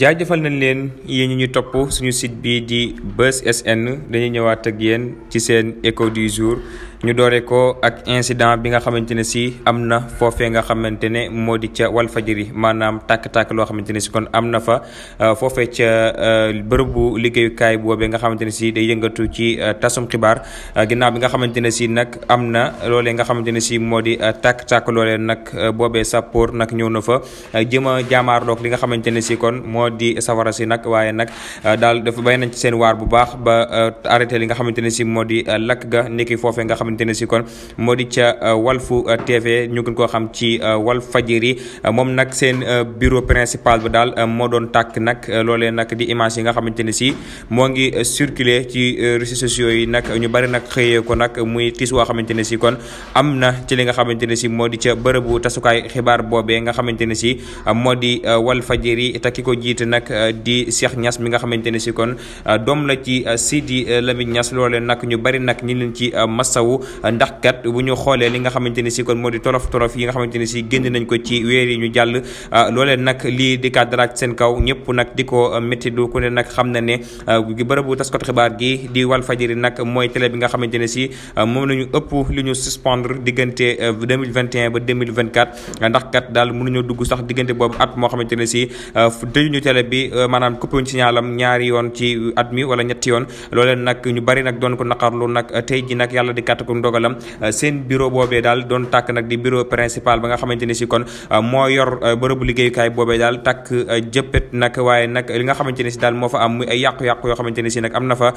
jaajëfal nañ leen yéen ñi ñu topp suñu sit bii di Buzz SN dañuy ñëwaat ak yéen ci seen écho du jour ñu doore ko ak incident bi nga xamante ne si am na foofee nga xamante ne moo di ca Walfajiri maanaam tàkk-tàkk loo xamante ne si kon am na fa euh, foofee ca euh, bërëbu liggéeyukaay boobee nga xamante ne si day yëngatu ci euh, tasum xibaar ginnaaw bi nga xamante ne si nag am na loolee nga xamante ne si moo di tàkk-tàkk loolee nag boobee sappoor nag ñëw na fa jëm a jaamaarloog li nga xamante ne si kon moo di safara si nag waaye nag daal dafa bay nañ ci seen waar bu baax ba arrêté li nga xamante ne si moo di lakk ga niki foofee nga xamante xamante ne kon moo di ca euh, walfu euh, TV ñu gën koo xam ci euh, walf fajiri moom nag seen bureau principal bi daal moo doon takk nag loolee nag di image yi nga xamante ne si moo ngi circuler ci réseaux sociaux yi nag ñu bari nag xëyee ko nag muy tiis woo xamante ne si kon am na ci li nga xamante ne si moo di ca bërëbu tasukaay xibaar boobe nga xamante ne si moo di walf fajiri te ko jiite nag di Cheikh Niass mi nga xamante ne si kon doom la ci Sidi Lamine Niass loolee nag ñu bari nag ñi ci masawu ndax kat bu ñu xoolee li nga xamante ni kon moo di torof torof yi nga xamante ni si génn nañ ko ci weer yi ñu jàll ah, loolee nag lii di kaddaraat seen kaw ñëpp nag di ko ah, métti xam na ne ah, bërëbu taskatu xibaar gi di wal fajiri nag mooy télé bi nga xamante ne si moom la ñu ëpp li ñu suspendre diggante 2021 ba 2024 ndax kat daal mënuñoo dugg sax diggante boobu at moo xamante ne si tëjuñu télé bi maanaam coupé ñaari yoon ci at mi wala ñetti yoon bari nag doon ko naqarlu nag tey ji nag yàlla di kàtt ko nangu ndogalam euh, seen bureau boobee daal doon tàkk nag di bureau principal ba nga xamante ni si kon euh, moo yor euh, bërëbu liggéeyukaay boobee daal tàkk jëppët nag waaye nag li nga xamante ni si daal moo fa am muy ay yàqu-yàqu yoo xamante si nag am na fa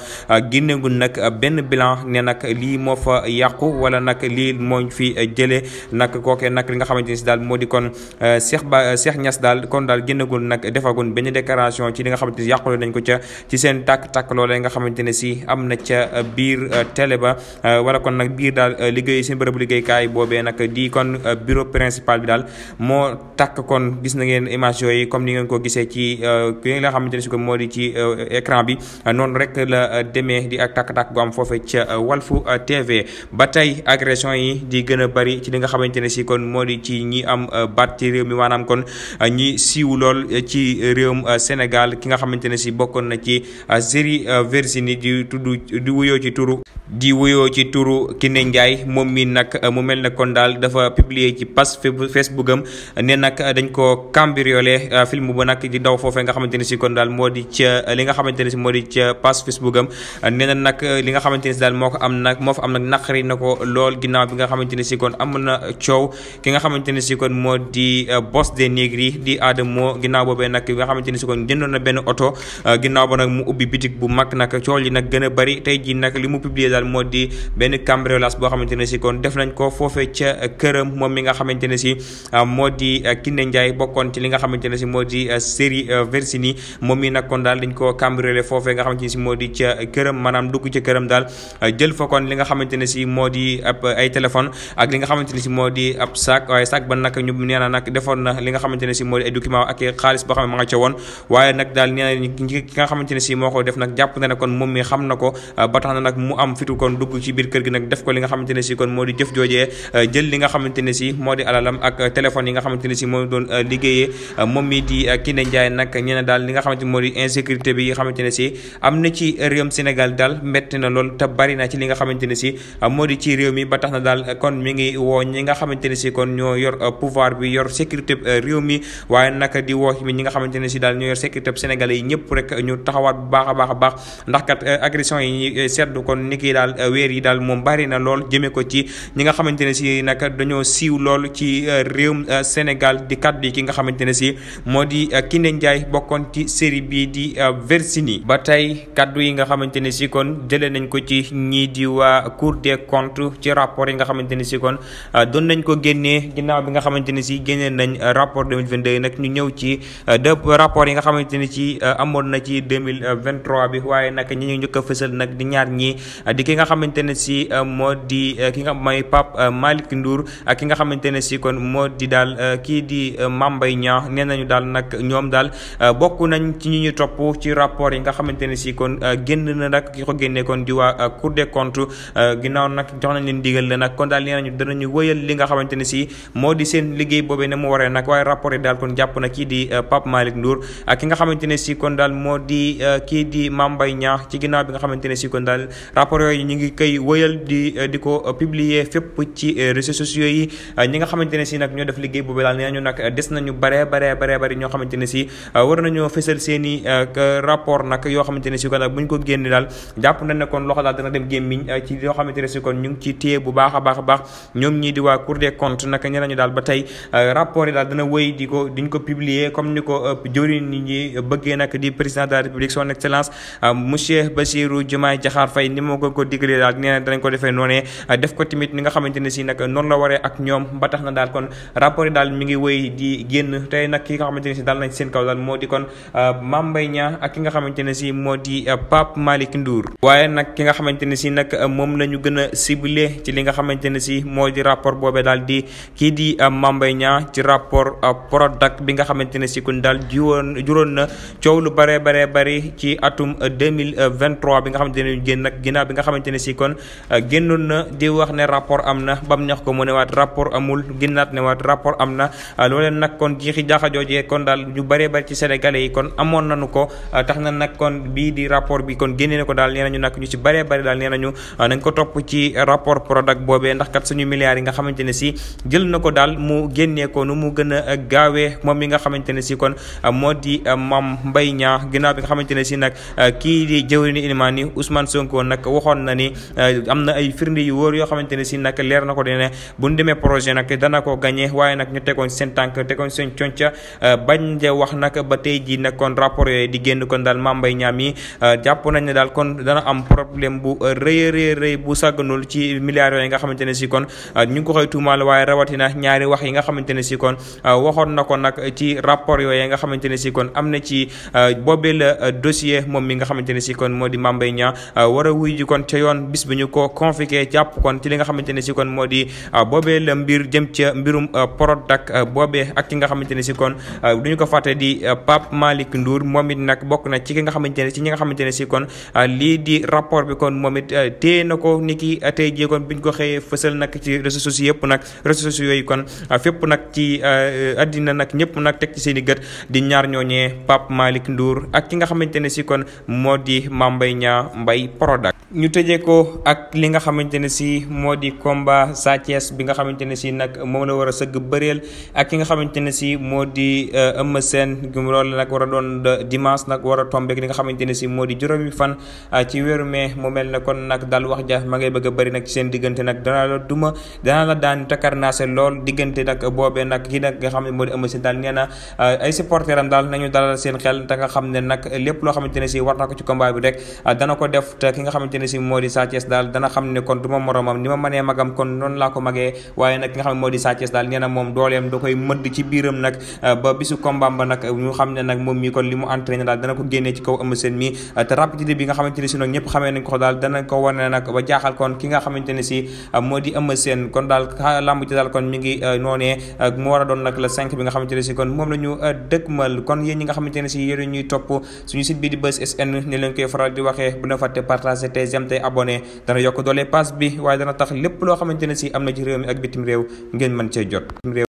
génneegul nag benn bilan ne nag lii moo fa yàqu wala nag lii moo fi jëlee nag kookee nag li nga xamante ni si daal moo di kon Cheikh Ba Cheikh Niass daal kon daal génneegul nag defagun benn déclaration ci li nga xamante ni yàqule nañ ko ca seen tàkk-tàkk loolee nga xamante ne si am na ca biir télé ba wala kon kon nag biir daal euh, liggéey seen bërëbu liggéeykaay boobee nag di kon euh, bureau principal bi daal moo takk kon gis na ngeen image yooyu comme ni ngeen ko gisee ci euh, ki nga xamante ne si ko moo di ci écran bi noonu rek la demee di ak takk-takk gu foofe ca Walfu TV ba tey agression yi di gën a bari ci li nga xamante ne si kon moo di ci ñi am baat ci réew mi maanaam kon ñi siiw lool ci réewum Sénégal ki nga xamante ne si bokkoon na ci Zéry Virginie di tudd di wuyoo ci turu di wuyoo ci turu Kiné njaay moom mii nag euh, mu mel ne kon daal dafa publier ci pas Facebook am ne nag euh, dañ ko cambriolé euh, film ba nag di daw foofee nga xamante ne si kon daal moo di ca li nga xamante ne si moo di ca pas Facebook am nee na nag li nga xamante ne daal moo ko am nag moo fa am nag naqari na ko lool ginnaaw bi nga xamante ne si kon am na coow ki nga xamante ne si kon moo di boss des négri di Adamo ginnaaw boobee nag bi nga xamante ne si kon jëndoon na benn oto ginnaaw ba nag mu ubbi bitik bu mag nag coow li nag gën a bari tey jii nag li mu publier daal moo di benn cambriolage boo xamante ne si moom moo di Kiné Ndiaye kon daal dañ koo cambriolé foofee nga xamante ne si li nga xamante ne si moo di ab ah, ay téléphone ak li nga si moo di ab sac ba nag na nag na li nga xamante ne si moo ki nga xamante ne si moo ko def nag jàpp na kon moom mi xam na ko ah, ba na nag mu am fi yëkkatu kon dugg ci biir kër gi nag def ko li nga xamante ne si kon moo di jëf joojee euh, jël li nga xamante ne si moo di alalam ak téléphone yi nga xamante si euh, euh, moo di insécurité bi nga si am na ci te bari na ci li nga xamante ne si moo di ci réew mi ba tax na daal kon mi ngi woo ñi nga xamante ne si kon ñoo yor pouvoir bi yor sécurité réew mi waaye nag di woo mi ñi nga xamante ne si daal ñoo yor sécurité sénégalais yi ñëpp rek ñu taxawaat bu baax a baax a baax ndax kat agression yi seetlu kon ni kii daal eh, weer yi daal moom bari na lool jëmee ko ci ñi nga xamante ne si nag dañoo siiw lool ci eh, réewum eh, Sénégal di kaddu yi ki nga xamante ne si moo di Kiné Ndiaye bokkoon ci série bii di Versini ba tey kaddu yi nga xamante ne si kon jëlee nañ ko ci ñii di waa Cour des ci rapport yi nga xamante ne si kon doon nañ ko génnee ginnaaw bi nga xamante ne si génnee nañ rapport 2022 nag ñu ñëw ci deux rapport yi nga xamante ne ci amoon na ci 2023 bi waaye nag ñi ñu njëkk a fësal di ñaar ñi di ki nga xamante ne si euh, moo di euh, ki nga may Pape euh, Malick Ndour ak ki nga xamante ne si kon moo di daal kii di Mame Mbaye Niang nee nañu daal nag ñoom daal bokk nañ ci ñu ñu topp ci rapport yi nga xamante ne si kon génn na nag ki ko génnee kon di waa Cour des comptes nag jox nañ leen digal la nag kon daal nee nañu danañu wëyal li nga xamante ne si moo di seen liggéey boobee waree nag waaye rapport daal kon jàpp na kii di Pape Malick Ndour ak ki nga xamante ne si kon daal moo di kii di Mame Mbaye ci ginnaaw bi nga xamante ne si kon daal rapport yooyu yi ñu ngi koy wëyal di eh, di ko eh, publier fépp ci eh, réseaux sociaux yi ñi nga xamante nag ñoo def liggéey boobu daal nee nañu nag des nañu bare bare bare ñoo xamante i rapport nag bu ñu ko génne daal jàpp nañ ne loxo daal dana dem gémmiñ ci yoo xamante ne ñu ngi ci téye bu baax a baax a baax ñoom ñii di waa Cour des comptes nag ñe nañu daal ba tey rapport yi daal dana wëy di ko diñ ko publier comme ni ko jëwriñ ñi bëggee nag di président de république son excellence digalee daal nee na danañ ko defee noonee def ko tamit ni nga xamante ne si noonu la waree ak ñoom ba tax na daal kon rapport yi daal mi ngi wéy di génn tey nag ki nga xamante ne si daal nañ seen kaw daal moo di kon euh, Mame Mbaye si moo di euh, Pape Malick Ndour waaye nag ki nga xamante ne si nag euh, moom la ñu gën a ciblé ci li nga xamante ne moo di rapport boobee daal di kii di Mame ci rapport Prodac bi nga xamante ne kon daal juróon na coow lu bare bare bari ci atum 2023 bi nga xamante ne génn nag ginnaaw bi nga xamante xamante ne si kon euh, génnoon na di wax ne rapport am na bam ñax ko mu ne waat rapport euh, ko euh, tax na nag kon bii di rapport bi kon génne na ko daal nee nañu nag ñu ci bëree bëri daal nee nañu nañ ko topp ci rapport Prodac boobee ndax kat suñu milliards yi nga xamante ne si jël na ko daal mu génnee ko nu mu gën a gaawee moom mi nga xamante ne si kon moo di Mame Mbaye Niang ginnaaw bi nga xamante ne si nag kii di jëwriñu Ilimaan ni Ousmane Sonko waxoon waxoon na ni eh, am na ay firnde yu wóor yoo xamante ne si nag leer na ko dene bu ñu demee projet nag dana ko gagné waaye nag ñu tegoon seen tànk tegoon seen conca eh, bañ de wax nag ba tey ji nag kon rapport yooyu di génn kon daal Mame Mbaye Niang mi eh, jàpp nañ ne daal kon dana am problème bu rëy rëy bu sàgganul ci milliar yooyu nga xamante ne si kon ñu ngi ko koy tuumaale waaye rawatina ñaari wax yi nga xamante ne si kon waxoon na ko nag ci rapport yooyu nga xamante ne si kon am na ci boobee la moom mi nga xamante ne si kon moo di Mame Mbaye ca yoon bis bi ñu ko convoqué jàpp kon ci li nga xamante ne si kon moo di ah, boobee la mbir jëm ca mbirum ah, Prodac ah, boobee ak ki nga xamante ne si kon du ko fàtte di Pape Malick Ndour moom it nag bokk na ci ki nga xamante ne si ñi nga xamante ne si kon lii di rapport bi kon moom it téye na ko ni ki tey jii kon bi ñu ko xëyee fësal nag ci réseaux yëpp nag réseaux yooyu kon fépp nag ci àddina nag ñëpp nag teg ci seen i gët di ñaar ñooñee Pape Malick ak ki nga xamante ne si kon moo di Mame Mbaye Niang tëjee ko ak li nga xamante ne si moo di combat Sa Thiès bi nga xamante ne si nag moo la war a sëgg bëreel ak ki nga xamante ne si moo di euh, Eumeu Sène gum loolu nag war a doon euh, dimanche nag war a tombeek li nga xamante ne si moo di juróomi fan euh, ci weeru mai mu mel ne kon nag daal wax jaa ma ngay bëgg a bëri nag seen diggante nag danaa la duma danaa la daan takar naase lool diggante nag boobe nag ki nag nga xam ne moo di Eumeu si daal nee na ay supporter am daal nañu dalal seen xel te nga xam ne nag lépp loo xamante ne si war na ko ci combat bi rek dana ko def ne moo di Sa daal dana xam ne kon du ma ni ma mënee magam kon noonu laa ko magee waaye nag ki nga xam ne moo di Sa daal nee euh, xam ne kon li mu entraîné daal dana ko génnee ci kaw euh, ko daal ne euh, a moom la ñu dëkkmal kon yéen ñi nga xamante ne si yéen ñuy topp suñu site bi di Buzz SN ni leen koy faral di waxee bu na fàtte partager te de abonné dana yokk doole pass bi waaye dana tax lépp loo xamante ne si am na ci ak bitim réew ngeen mën cee jot